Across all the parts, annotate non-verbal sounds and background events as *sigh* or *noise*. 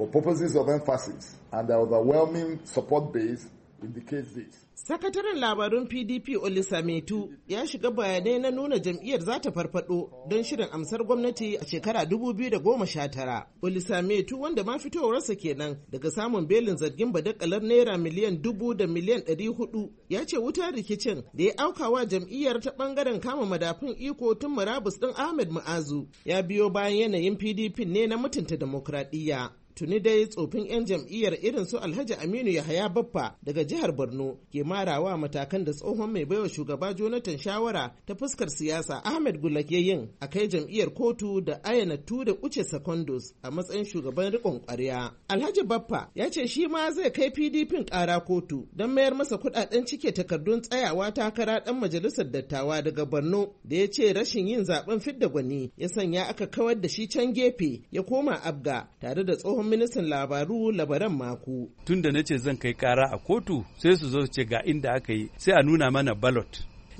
For purposes of emphasis and the overwhelming support base indicates this. Sakataren labarun PDP Olisametu ya shiga bayanai na nuna jam'iyyar za ta farfado don shirin amsar gwamnati a shekara 2019. Olisametu wanda ma fitowarsa kenan daga samun belin zargin badakalar naira miliyan dubu da miliyan ɗari hudu ya ce wuta rikicin da ya aukawa jam'iyyar ta bangaren kama madafun iko tun murabus ɗin Ahmed Ma'azu ya biyo bayan yanayin PDP ne na mutunta demokradiyya. Tuni dai tsofin 'yan jam'iyyar irin su Alhaji Aminu Yahaya Baffa daga jihar Borno ke marawa matakan da tsohon mai baiwa shugaba Jonathan shawara ta fuskar siyasa Ahmed Gulak ya yin a kai jam'iyyar kotu da ayana da uce secondos a matsayin shugaban rikon kwarya. Alhaji Baffa ya ce shi ma zai kai PDP kara kotu don mayar masa kudaden cike takardun tsayawa takara dan majalisar dattawa daga Borno da ya ce rashin yin zaben fidda gwani ya sanya aka kawar da shi can gefe ya koma Abga tare da tsohon ministan labaru labaran mako. Tun da na ce zan kai kara a kotu sai su zo ce ga inda aka yi sai a nuna mana ballot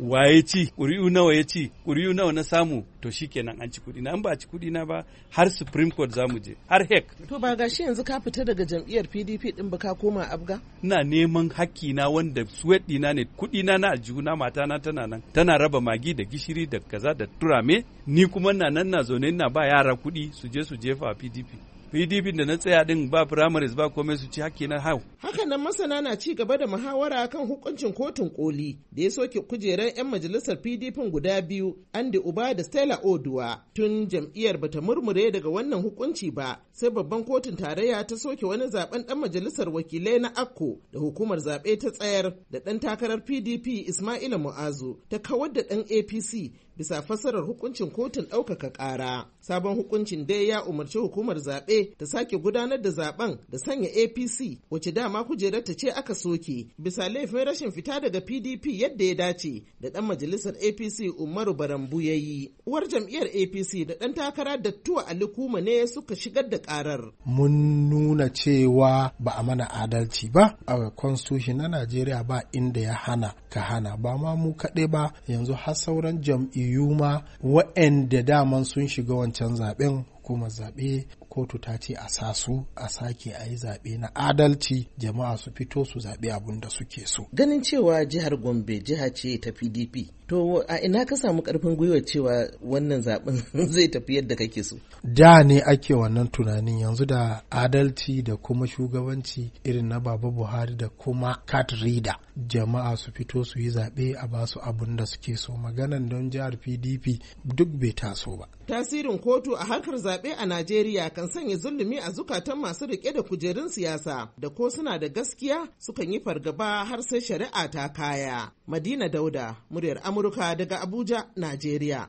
waye ci kuri'u nawa ya ci kuri'u nawa na samu to shikenan an ci kuɗi na an ba ci kuɗi na ba har supreme court zamu je har hek to ba gashi yanzu ka fita daga jam'iyyar PDP din ba ka koma abga na neman hakki na wanda sweat dina ne kuɗi na na aljihuna mata na tana nan tana raba magi da gishiri da kaza da turame ni kuma na nan na zaune ina ba yara kuɗi su je su jefa PDP pdp da na tsaya din ba primaries ba komai su ci hakki na hau haka nan masana na ci gaba da muhawara kan hukuncin kotun koli da ya soke kujerar takarar 'yan majalisar PDP guda biyu Andy Uba da Stella Oduwa tun jam'iyyar ba ta murmure daga wannan hukunci ba sai babban kotun tarayya ta soke wani zaben dan majalisar wakilai na Akko da hukumar zaɓe ta tsayar da 'dan takarar PDP Ismaila Mu'azu ta kawar da 'dan APC bisa fassarar hukuncin kotun ɗaukaka ƙara. Sabon hukuncin dai ya umarci hukumar zaɓe ta sake gudanar da zaben da sanya APC wacce dama kujerar ta ce aka soke bisa laifin rashin fita daga PDP yadda ya dace da ɗan majalisar apc umaru barambu ya yi uwar jam'iyyar apc da ɗan takara dattuwa ali kuma ne suka shigar da ƙarar mun nuna cewa ba a mana adalci ba a constitution na najeriya ba inda ya hana ka hana ba ma mu kaɗai ba yanzu har sauran jam'iyyu ma wa'anda daman sun shiga wancan zaɓen hukumar zaɓe kotu ta ce a sa su a sake a yi zaɓe na adalci jama'a su fito su zaɓe abun da suke so. Ganin cewa jihar Gombe jiha ce ta PDP To a ina ka samu karfin gwiwa cewa wannan zaɓen *laughs* zai tafi yadda kake so? Da ne ake wannan tunanin yanzu da adalci da kuma shugabanci irin na Baba Buhari da kuma Cat Reader. Jama'a su fito su yi zaɓe a basu abun da suke so maganan don jihar PDP duk bai taso ba. Tasirin kotu a harkar zaɓe a Najeriya kan sanya zulumi a zukatan masu riƙe da kujerun siyasa da ko suna da gaskiya sukan yi fargaba har sai shari'a ta kaya. Madina Dauda, muryar Amurka daga Abuja, Najeriya.